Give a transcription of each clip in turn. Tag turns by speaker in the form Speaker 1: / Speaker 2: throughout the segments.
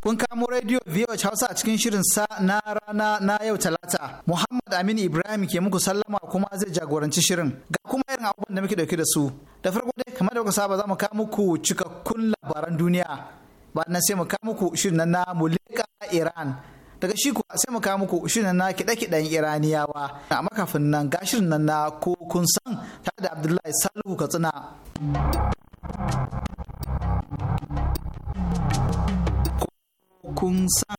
Speaker 1: Kun kamo rediyo VOH Hausa a cikin shirin sa na rana na yau talata. Muhammad Amin Ibrahim ke muku sallama kuma zai jagoranci shirin. Ga kuma irin abubuwan da muke dauke da su. Da farko dai kamar da kuka saba za mu kawo muku cikakkun labaran duniya. Ba nan sai mu kawo muku shirin na Muleka Iran. Daga shi kuwa sai mu kawo muku shirin na kiɗe-kiɗen Iraniyawa. A makafin nan ga shirin nan na ko kun san tare da Abdullahi Salihu Katsina. kun san.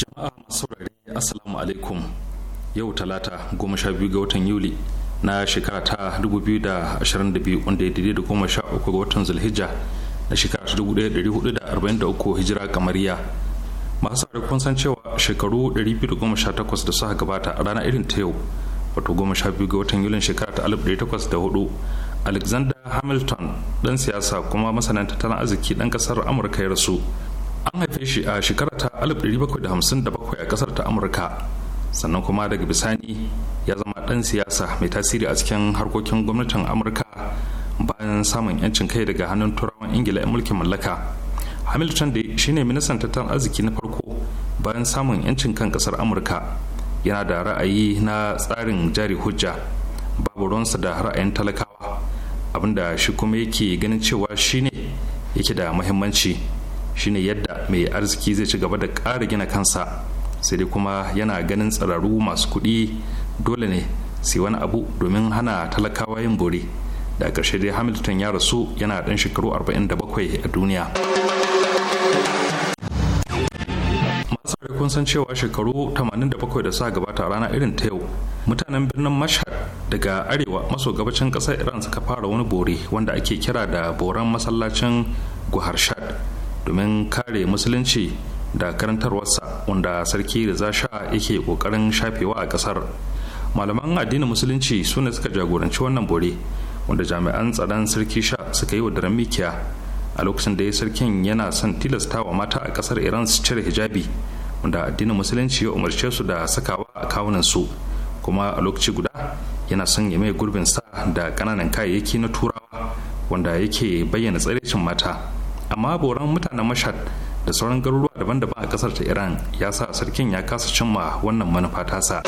Speaker 2: Jama'a masu rari Assalamu alaikum yau talata goma sha biyu ga watan Yuli na shekara ta 2022 wanda ya daidai da goma sha uku ga watan Zulhijja na shekara ta 1443 hijira kamariya. Masu rari kun san cewa shekaru 218 da suka gabata a rana irin ta yau wato goma sha biyu ga watan Yulin shekara ta 1804 alexander hamilton ɗan siyasa kuma masanin tattalin arziki dan ƙasar amurka ya rasu an haife shi a shekara ta 1757 a kasar ta amurka sannan kuma daga bisani ya zama ɗan siyasa mai tasiri a cikin harkokin gwamnatin amurka bayan samun 'yancin kai daga hannun turawan ingila 'yan mulkin mallaka hamilton da shine ministan tattalin arziki na farko bayan samun 'yancin kan ƙasar amurka yana da ra'ayi na tsarin jari hujja babu ruwansa da ra'ayin talakawa abinda shi kuma yake ganin cewa shine yake da muhimmanci shine yadda mai arziki zai ci gaba da ƙara gina kansa sai dai kuma yana ganin tsararru masu kuɗi dole ne sai wani abu domin hana talakawa yin bore da ƙarshe dai hamilton ya rasu yana ɗan shekaru 47 a duniya. dai kun san cewa shekaru 87 da sa gabata rana irin ta yau mutanen birnin mashhad daga arewa maso gabacin kasar iran suka fara wani bore wanda ake kira da boran masallacin guharshad domin kare musulunci da karantarwarsa wanda sarki da za sha yake kokarin shafewa a kasar malaman addinin musulunci su ne suka jagoranci wannan bore wanda jami'an tsaron sarki sha suka yi wa daren mikiya a lokacin da ya sarkin yana son tilastawa mata a kasar iran su cire hijabi wanda addinin musulunci ya umarce su da sakawa a kawunan su kuma a lokaci guda yana son ya mai gurbin sa da kananan kayayyaki na turawa wanda yake bayyana tsarecin mata amma boran mutanen mashad da sauran garuruwa daban-daban a kasar ta iran ya sa sarkin ya kasa cimma wannan manufa tasa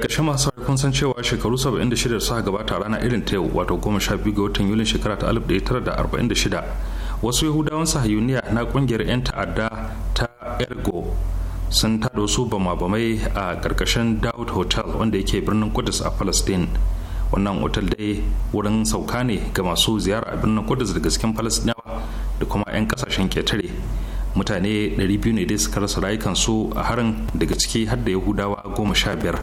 Speaker 2: ƙarshe masu kun san cewa shekaru 76 suka gabata rana irin ta yau wato 12 ga watan yulin shekara ta 1946 wasu yahudawan sahayuniya na kungiyar 'yan ta'adda ta ergo sun tada wasu bama-bamai a karkashin daud hotel wanda yake birnin kudus a palestine wannan otal dai wurin sauka ne ga masu ziyara a birnin kudus da gaskin palestinawa da kuma 'yan kasashen ketare mutane 200 ne dai suka rasa rayukansu a harin daga ciki har da yahudawa goma sha biyar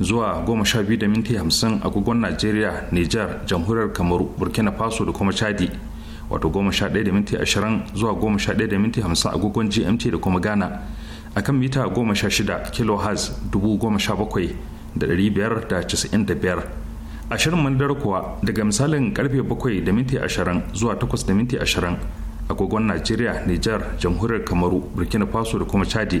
Speaker 2: zuwa goma sha biyu da minti hamsin agogon najeriya nijar jamhuriyar kamaru burkina faso da kuma chadi wato goma sha ɗaya da minti ashirin zuwa goma sha ɗaya da minti hamsin agogon gmt da kuma ghana a kan mita goma sha shida kilohertz dubu goma sha bakwai da ɗari biyar da casa'in da biyar ashirin manadar kuwa daga misalin karfe bakwai da minti ashirin zuwa takwas da minti ashirin agogon najeriya nijar jamhuriyar kamaru burkina faso da kuma chadi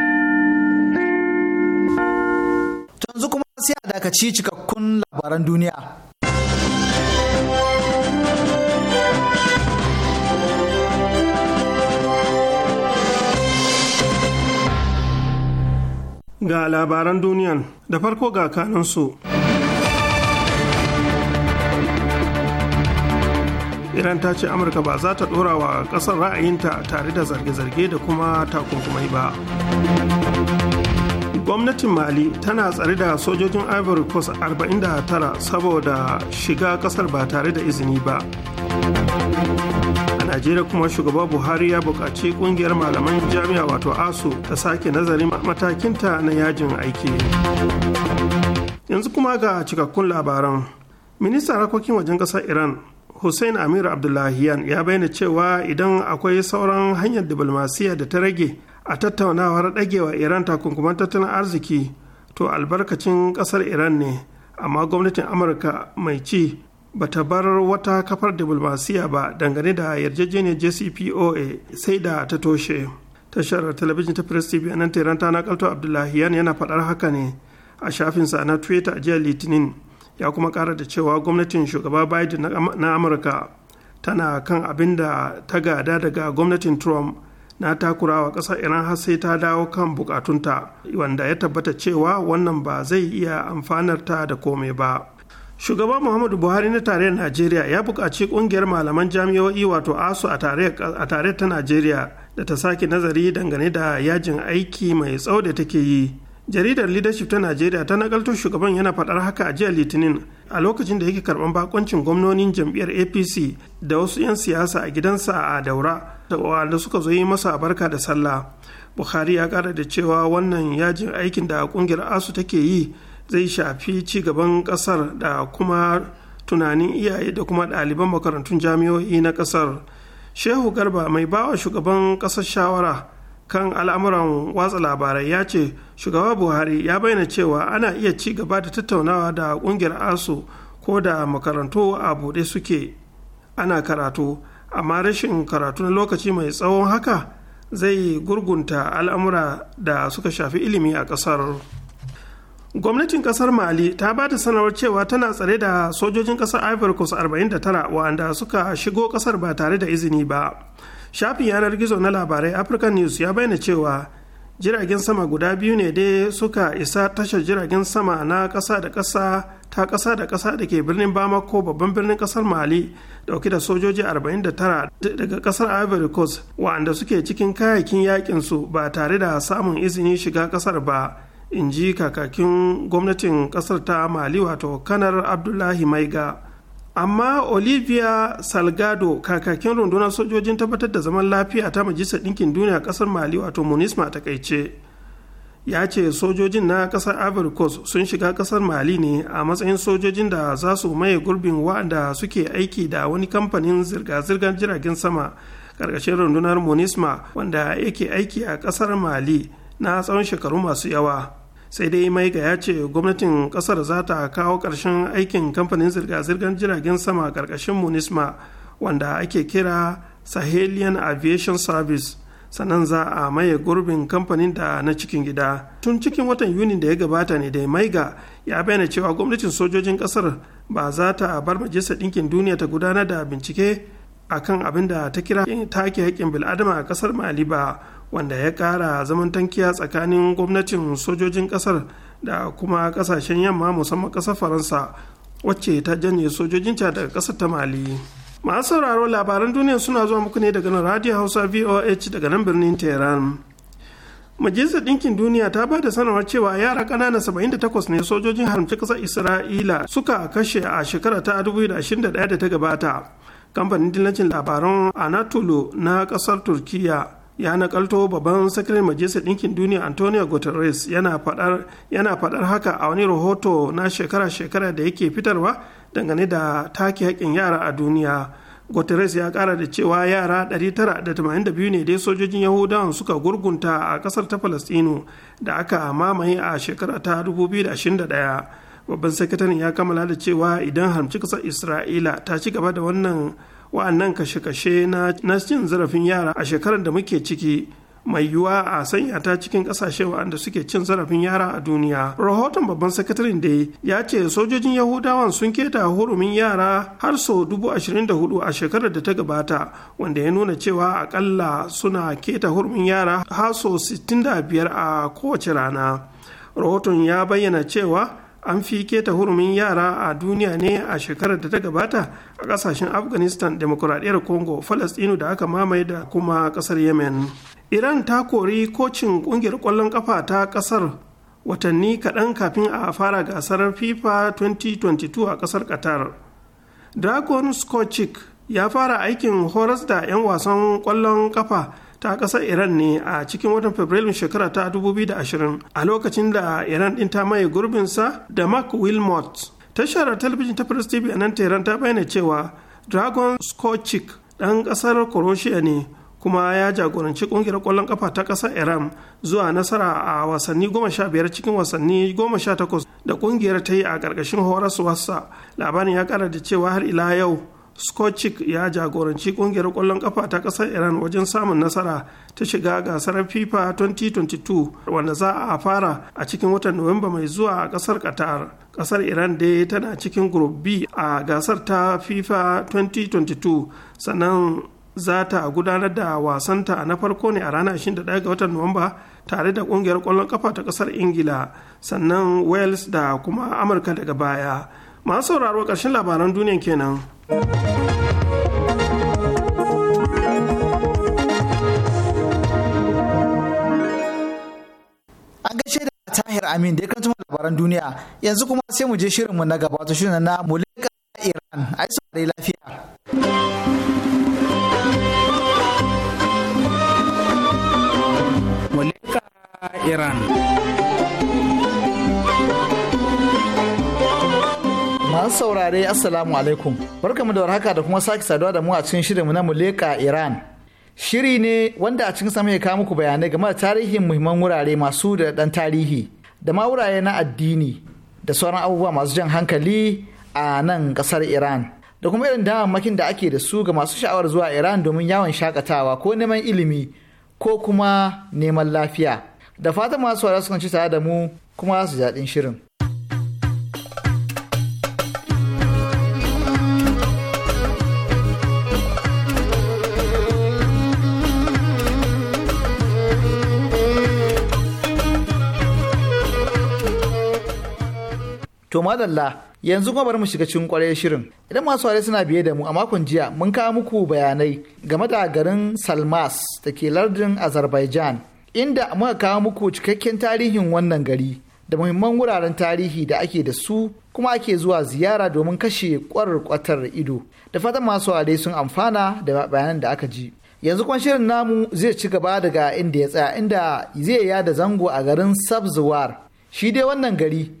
Speaker 1: ci cikakkun labaran duniya.
Speaker 3: Ga labaran duniyan da farko ga kanansu. Iran ta ce Amurka ba za ta ɗora wa ƙasar ra'ayinta tare da zarge-zarge da kuma takunkumai ba. gwamnatin mali tana tsare da sojojin ivory coast 49 saboda shiga kasar ba tare da izini ba a najeriya kuma shugaba buhari ya buƙaci ƙungiyar malaman jami'a wato asu ta sake nazarin matakinta na yajin aiki yanzu kuma ga cikakkun labaran ministan harkokin wajen ƙasar iran hussein amir abdullahiyan ya bayyana cewa idan akwai sauran hanyar diplomasiyya da ta rage a tattaunawar ɗagewa iran takunkuman tattalin arziki to albarkacin ƙasar iran ne amma gwamnatin amurka mai ci ba ta bar wata kafar diplomasiya ba dangane da yarjejeniyar jcpoa sai da ta toshe tashar talabijin ta press tv nan tehran ta nakalto yan yana faɗar haka ne a shafinsa na twitter jiya litinin ya kuma ƙara da cewa gwamnatin shugaba biden na amurka tana kan abin da ta gada daga gwamnatin trump na takurawa ƙasar iran har sai ta dawo kan bukatunta wanda ya tabbata cewa wannan ba zai iya amfanar ta da komai ba shugaba muhammadu buhari na tarayyar najeriya ya bukaci ƙungiyar malaman jami'o'i wato asu a tarayyar ta najeriya da ta sake nazari dangane da yajin aiki mai tsau da take yi jaridar leadership ta najeriya ta nakalto shugaban yana faɗar haka a jiya litinin a lokacin da yake karɓar bakoncin gwamnonin jam'iyyar apc da wasu 'yan siyasa a gidansa a daura da suka zo yi masa barka da sallah buhari ya kara da cewa wannan yajin aikin da ƙungiyar asu take yi zai shafi ci gaban ƙasar da kuma tunanin iyaye da kuma ɗaliban makarantun jami'o'i na ƙasar shehu garba mai bawa shugaban ƙasar shawara kan al'amuran watsa labarai ya ce shugaba buhari ya bayyana cewa ana iya ci gaba da tattaunawa da kungiyar asu ko da makarantu a buɗe suke ana karatu amma rashin karatu na lokaci mai tsawon haka zai gurgunta al'amura da suka shafi ilimi a ƙasar gwamnatin ƙasar mali ta ba da sanarwar cewa tana tsare da sojojin ƙasar ivory coast 49 wanda suka shigo ƙasar ba tare da izini ba shafin yanar gizo na labarai african news ya bayyana cewa jiragen sama guda biyu ne dai suka isa tashar jiragen sama na ƙasa da kasa ta kasa da kasa da ke birnin bamako babban birnin kasar mali dauke da sojoji 49 daga kasar ivory coast wa'anda suke cikin kayayyakin yakin su ba tare da samun izini shiga kasar ba in ji kakakin gwamnatin kasar ta mali wato kanar abdullahi maiga amma olivia salgado kakakin rundunar sojojin tabbatar da zaman lafiya ta majalisar ɗinkin duniya ƙasar mali wato munisma ta kaice ya ce sojojin na ƙasar ivory coast sun shiga ƙasar mali ne a matsayin sojojin da za su maye gurbin waɗanda suke aiki da wani kamfanin zirga-zirgar jiragen sama ƙarƙashin rundunar munisma wanda yake aiki a ƙasar mali na tsawon shekaru masu yawa sai dai maika ya ce gwamnatin kasar za ta kawo ƙarshen aikin kamfanin zirga-zirgar jiragen sama ƙarƙashin munisma wanda ake kira sahelian aviation service sannan za a maye gurbin kamfanin da na cikin gida tun cikin watan yuni da ya gabata ne da maiga ya bayyana cewa gwamnatin sojojin kasar ba za ta bar majalisar ɗinkin duniya ta gudanar da bincike a kan abin da ta kira take haƙƙin bil'adama a ƙasar mali ba wanda ya ƙara zaman tankiya tsakanin gwamnatin sojojin ƙasar da kuma ƙasashen yamma musamman ƙasar faransa wacce ta janye sojojinta daga ƙasar ta mali masu sauraro labaran duniya suna zuwa muku ne daga nan radio hausa voh daga nan birnin tehran majalisar ɗinkin duniya ta ba da sanarwar cewa yara ƙanana 78 ne sojojin haramci ƙasar isra'ila suka kashe a shekara ta 2021 da ta gabata kamfanin dillacin labaran anatolo na kasar turkiya ya nakalto babban sakirin majalisar ɗinkin duniya antonio guterres yana faɗar haka a wani rahoto na shekara-shekara da yake fitarwa dangane da take haƙƙin yara a duniya guterres ya ƙara da cewa yara 982 ne dai sojojin yahudawan suka gurgunta a ƙasar ta palestino da aka mamaye a shekara ta 2021 babban sakataren ya kammala da cewa idan harmci kasar isra'ila ta ci gaba da wannan wa'annan kashe-kashe na cin zarafin yara a shekarar da muke ciki mai yiwuwa a sanya ta cikin kasashe wa'anda suke cin zarafin yara a duniya. Rahoton babban sakataren da ya ce sojojin Yahudawan sun keta hurumin yara har sau dubu ashirin da hudu a shekarar da ta gabata wanda ya nuna cewa akalla suna keta hurumin yara har sau sittin da biyar a kowace rana. Rahoton ya bayyana cewa an fi keta hurumin yara a duniya ne a shekarar da ta gabata a kasashen afghanistan demokuraɗiyar congo falastinu da aka mamaye da kuma kasar yemen iran ta kori kocin kungiyar ƙwallon kafa ta kasar watanni kaɗan kafin a fara gasar fifa 2022 a kasar qatar dragon scotchik ya fara aikin horas da 'yan wasan ƙwallon kafa ta ƙasar iran ne a cikin watan fabrilun shekara ta 2020 a lokacin da iran ɗin ta maye gurbinsa da mark wilmot tashar talabijin ta first tv a nan tehran ta bayyana cewa dragon skocic ɗan ƙasar croatia ne kuma ya jagoranci ƙungiyar kwallon ƙafa ta ƙasar iran zuwa nasara a wasanni 15 cikin wasanni 18 da ƙungiyar ta yi a ƙarƙashin horaswarsa labarin ya kara da cewa har ila yau Skochik ya jagoranci kungiyar kwallon kafa ta kasar Iran wajen samun nasara ta shiga gasar FIFA 2022 wanda za a fara a cikin watan Nuwamba mai zuwa a kasar Qatar. Kasar Iran dai tana cikin Group B a gasar ta FIFA 2022 sannan za ta gudanar da wasanta na farko ne a ranar 21 ga watan Nuwamba tare da kungiyar kwallon kafa ta kasar Ingila sannan Wales da kuma Amurka daga baya. Masu sauraro ƙarshen labaran duniya kenan. An
Speaker 1: gaishe da Tahir Amin da ya kanta labaran duniya yanzu kuma sai mu je shirinmu na gaba to shirin na Muleka Iran a yi lafiya. Muleka Iran. Masu saurare Assalamu alaikum. Barkamu da warhaka da kuma sake saduwa da mu a cikin shirinmu na Muleka Iran. Shiri ne wanda a cikin samun kawo muku bayanai game da tarihin muhimman wurare masu da dan tarihi da ma wurare na addini da sauran abubuwa masu jan hankali a nan kasar Iran. Da kuma irin damammakin da ake da su ga masu sha'awar zuwa Iran domin yawon shakatawa ko neman ilimi ko kuma neman lafiya. Da fatan masu wara sukan ci tare da mu kuma su jaɗin daɗin shirin. To madalla yanzu kuma bari mu shiga cikin kwarai shirin. Idan masu ware suna biye da mu a makon jiya mun kawo muku bayanai game da garin Salmas da ke lardin Azerbaijan inda muka kawo muku cikakken tarihin wannan gari da muhimman wuraren tarihi da ake da su kuma ake zuwa ziyara domin kashe kwarar ido. Da fatan masu ware sun amfana da bayanan da aka ji. yanzu kuma shirin namu zai ci gaba daga inda ya tsaya inda zai yada zango a garin sabzuwar shi dai wannan gari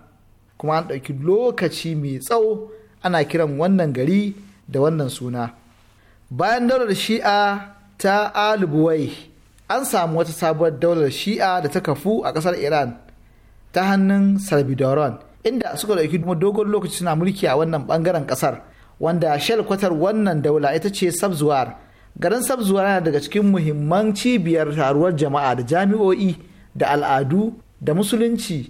Speaker 1: kuma an ɗauki lokaci mai tsawo ana kiran wannan gari da wannan suna bayan daular shi'a ta alibuwai an samu wata sabuwar daular shi'a da ta kafu a ƙasar iran ta hannun salvadoran inda suka ɗauki kuma dogon lokaci suna mulki a wannan ɓangaren ƙasar wanda kwatar wannan daula ita ce sabzuwar garin sabzuwar yana daga cikin muhimman cibiyar taruwar jama'a da jami'o'i da al'adu da musulunci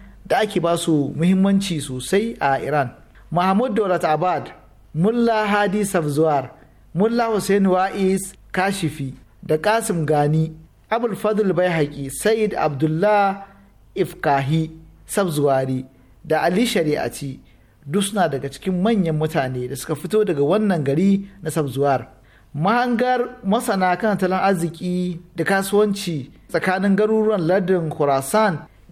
Speaker 1: da ake ba su muhimmanci sosai a iran mahmud dorat abad mulla hadi safzuwar mulla hussein wa'is kashifi da kasim gani abul fadl bai said abdullah ifkahi sabzuwari da ali shari'aci suna daga cikin manyan mutane da suka fito daga wannan gari na sabzuwar mahangar masana kan tattalin arziki da kasuwanci tsakanin garuruwan ladin khorasan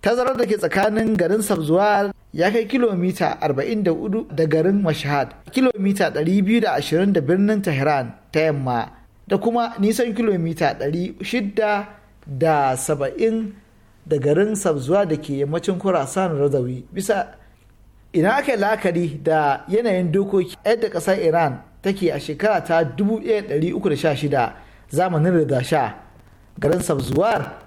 Speaker 1: tazarar da ke tsakanin garin sabzuwar ya kai kilomita 44 da garin mashahad kilomita 220 da birnin tehran ta yamma da kuma nisan kilomita 600 da 70 da garin sabzuwa da ke yammacin kurasan razawi bisa ina aka yi la'akari da yanayin dokoki yadda ƙasar iran take a shekara ta 1316 zamanin sha garin sabzuwar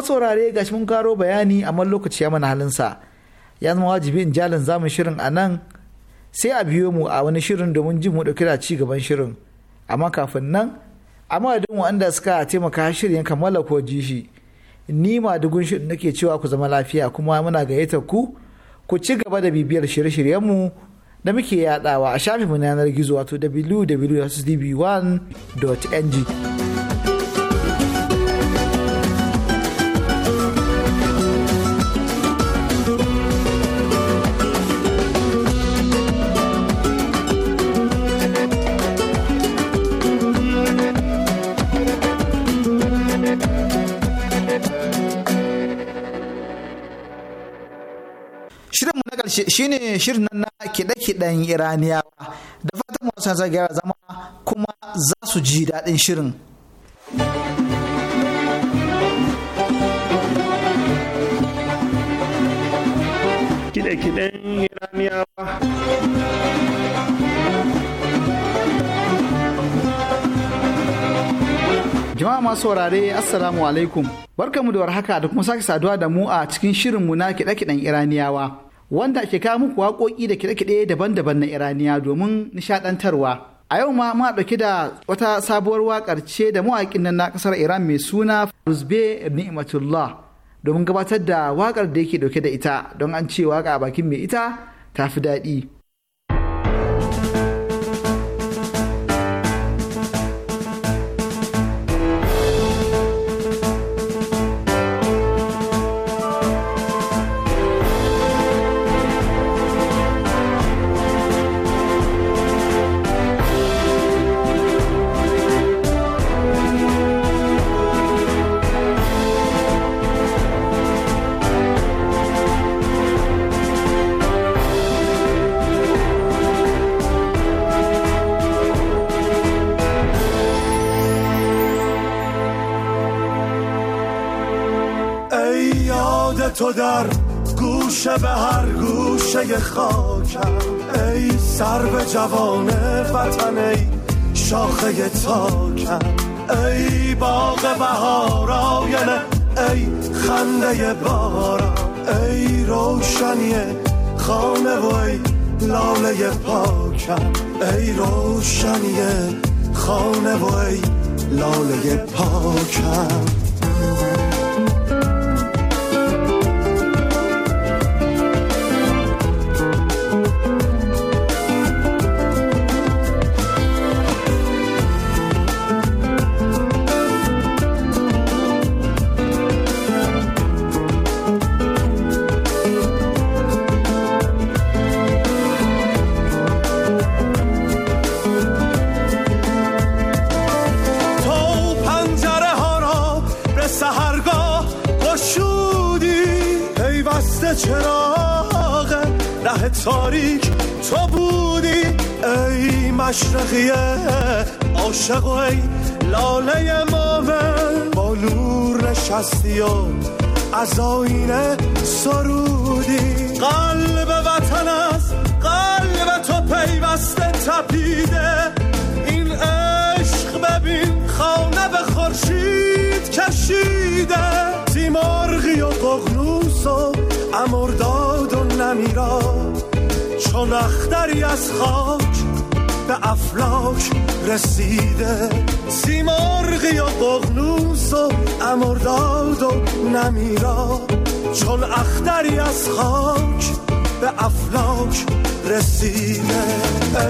Speaker 1: masu saurare gashi mun karo bayani amma lokaci ya mana halinsa ya zama wajibi in jalin zamu shirin a nan sai a biyo mu a wani shirin domin jin mu dauki da ci gaban shirin amma kafin nan a madadin wanda suka taimaka shirin kammala ko ji shi ni ma dugun shirin nake cewa ku zama lafiya kuma muna gayyatar ku ku ci gaba da bibiyar shirye shiryen mu da muke yadawa a shafinmu na yanar gizo wato www.db1.ng shine shirin na kiɗe-kiɗen iraniyawa da fatan masu sa zama kuma za su ji daɗin shirin kiɗe-kiɗen iraniyawa jama'a masu saurare assalamu alaikum barkamu da warhaka da kuma sake saduwa da mu a cikin shirin mu na kiɗe-kiɗen iraniyawa wanda ke kawo muku waƙoƙi da kiɗe-kiɗe daban-daban na iraniya domin nishaɗantarwa a yau ma muna ɗauki da wata sabuwar waƙar ce da mawaƙin nan na ƙasar iran mai suna ruzbe ni'matullah domin gabatar da waƙar da yake ɗauke da ita don an ce waƙa bakin mai ita ta fi daɗi
Speaker 4: ساکن ای باغ بهار آینه ای خنده بارا ای روشنی خانه و ای لاله پاکم ای روشنی خانه و ای لاله پاکم تاریک تو بودی ای مشرقیه عاشق و ای لاله ماون با نور نشستی و از آینه سرودی قلب وطن است قلب تو پیوسته تپیده این عشق ببین خانه به خورشید کشیده تیمارغی و قغنوس و امرداد و نمیرا چون اختری از خاک به افلاک رسیده سیمرغی و قغنوس و امرداد و نمیرا چون اختری از خاک به افلاک رسیده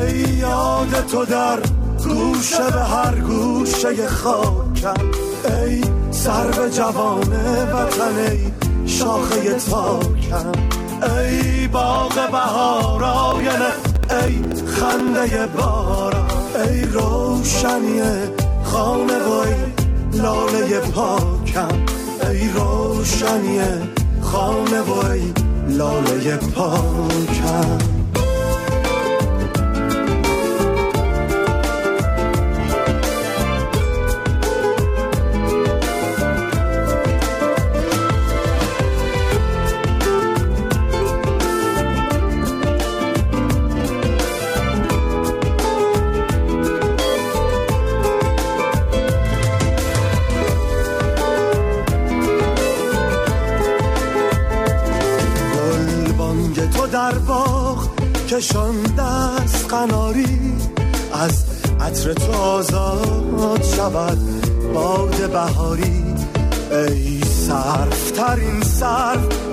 Speaker 4: ای یاد تو در گوشه به هر گوشه خاکم ای سر به جوانه وطن ای شاخه تاکم ای باغ بهار ای خنده بارا ای روشنی خانه و ای لاله پاکم ای روشنی خانه و ای لاله پاکم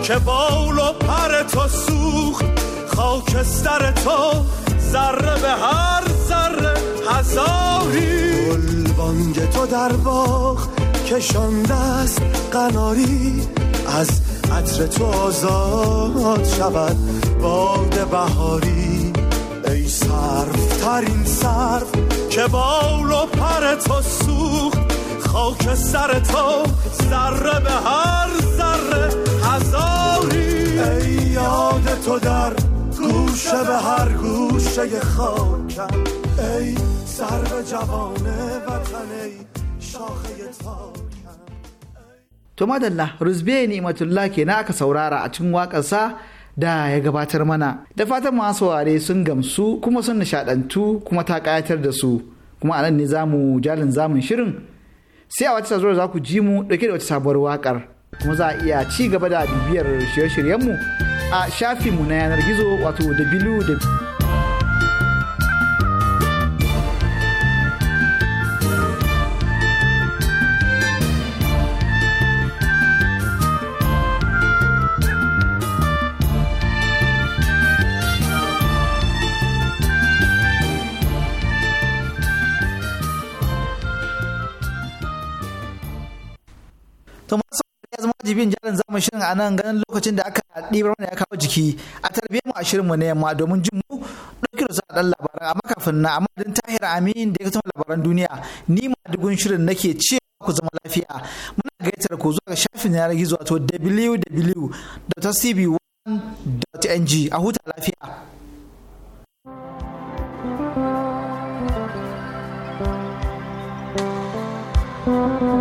Speaker 4: که بال و پر تو سوخت خاکستر تو ذره به هر ذره هزاری گل تو در باغ کشانده است قناری از عطر تو آزاد شود باد بهاری ای صرف ترین صرف که بال و پر تو سوخت خاک سر تو ذره به هر ذره نزاری ای یاد تو در گوشه به هر گوشه خاکم ای سر
Speaker 1: جوان وطن ای شاخه to madalla rusbe ni'matullah ke na aka saurara a cikin waƙarsa da ya gabatar mana da fatan masu saurare sun gamsu kuma sun nishadantu kuma ta ƙayatar da su kuma anan ne zamu jalin zamun shirin sai a wata sazuwar za ku ji mu ɗauke da wata sabuwar waƙar kuma za a iya ci gaba da bibiyar shirye-shiryenmu a shafinmu na yanar gizo wato www wajibin jarin zamu shirin a nan ganin lokacin da aka ɗibar mana ya kawo jiki a tarbiyyar mu a shirinmu na yamma domin jin mu ɗauki da sa ɗan labaran amma kafin na amma din tahir amin da ya kasance labaran duniya ni ma dugun shirin nake cewa ku zama lafiya muna gaitar ku zuwa ga shafin yanar gizo wato www.cb1.ng a huta lafiya. thank you